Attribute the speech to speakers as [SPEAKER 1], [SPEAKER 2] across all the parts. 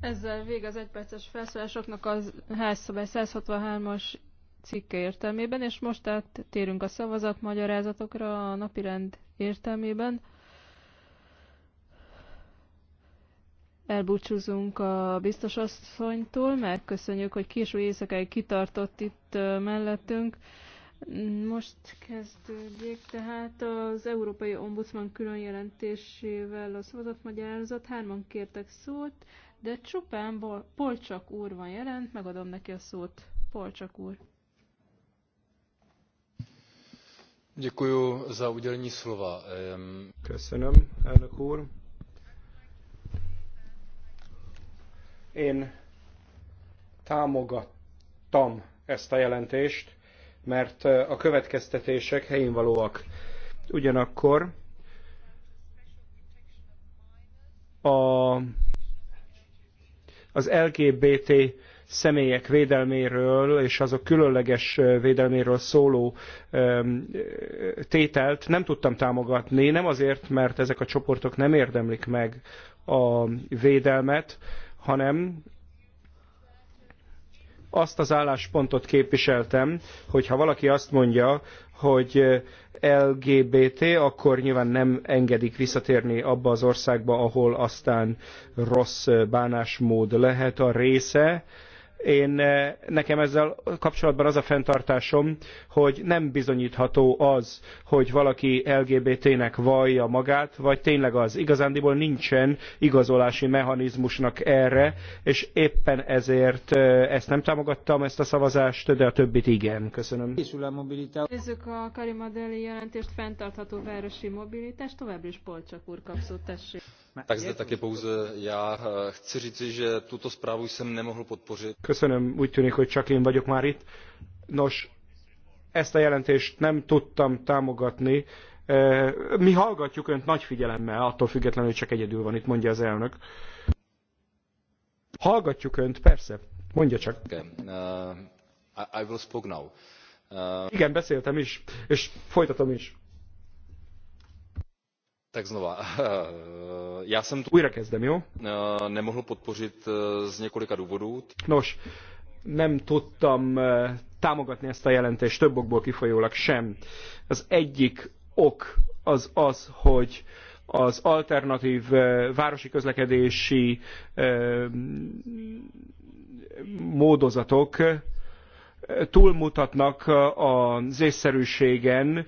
[SPEAKER 1] Ezzel vég az egyperces felszólásoknak az házszabály 163-as cikke értelmében, és most áttérünk a szavazat magyarázatokra a napirend értelmében. Elbúcsúzunk a biztosasszonytól, megköszönjük, hogy késő éjszakáig kitartott itt mellettünk. Most kezdődik tehát az Európai Ombudsman külön jelentésével a szavazatmagyarázat. Hárman kértek szót, de csupán Polcsak úr van jelent, megadom neki a szót. Polcsak úr.
[SPEAKER 2] Köszönöm, elnök úr. Én támogattam ezt a jelentést, mert a következtetések helyén valóak. Ugyanakkor a, az LGBT személyek védelméről és azok különleges védelméről szóló tételt nem tudtam támogatni, nem azért, mert ezek a csoportok nem érdemlik meg a védelmet, hanem azt az álláspontot képviseltem, hogy ha valaki azt mondja, hogy eh, LGBT, akkor nyilván nem engedik visszatérni abba az országba, ahol aztán rossz eh, bánásmód lehet a része én eh, nekem ezzel kapcsolatban az a fenntartásom, hogy nem bizonyítható az, hogy valaki LGBT-nek vallja magát, vagy tényleg az. Igazándiból nincsen igazolási mechanizmusnak erre, és éppen ezért eh, ezt nem támogattam, ezt a szavazást, de a többit igen. Köszönöm.
[SPEAKER 1] Nézzük a Karimadeli jelentést, fenntartható városi mobilitás, továbbra is Polcsak úr kapszó, tessék.
[SPEAKER 2] Köszönöm, úgy tűnik, hogy csak én vagyok már itt. Nos, ezt a jelentést nem tudtam támogatni. Eh, mi hallgatjuk önt nagy figyelemmel, attól függetlenül, hogy csak egyedül van itt, mondja az elnök. Hallgatjuk önt, persze. Mondja csak. Okay. Uh, I will speak now. Uh... Igen, beszéltem is, és folytatom is. Tak znova. Já jsem tu... Újra kezdem, jo? Eh, nemohl podpořit eh, z několika důvodů. Nož, nem tudtam eh, támogatni ezt a jelentést több okból kifolyólag sem. Az egyik ok az az, hogy az alternatív városi közlekedési módozatok túlmutatnak az észszerűségen,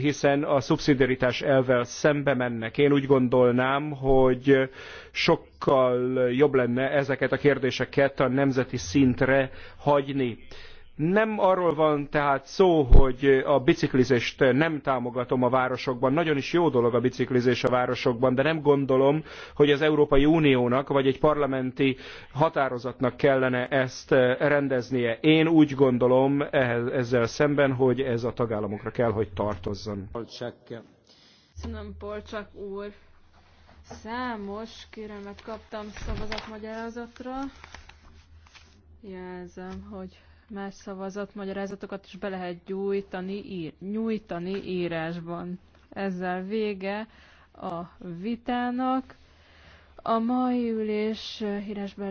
[SPEAKER 2] hiszen a szubszidiaritás elvvel szembe mennek. Én úgy gondolnám, hogy sokkal jobb lenne ezeket a kérdéseket a nemzeti szintre hagyni nem arról van tehát szó, hogy a biciklizést nem támogatom a városokban. Nagyon is jó dolog a biciklizés a városokban, de nem gondolom, hogy az Európai Uniónak vagy egy parlamenti határozatnak kellene ezt eh, rendeznie. Én úgy gondolom ezzel szemben, hogy ez a tagállamokra kell, hogy tartozzon.
[SPEAKER 1] Köszönöm, Polcsak úr. Számos kérelmet kaptam szavazatmagyarázatra. Jelzem, hogy más szavazat, magyarázatokat is be lehet gyújtani, ír, nyújtani írásban. Ezzel vége a vitának. A mai ülés írásban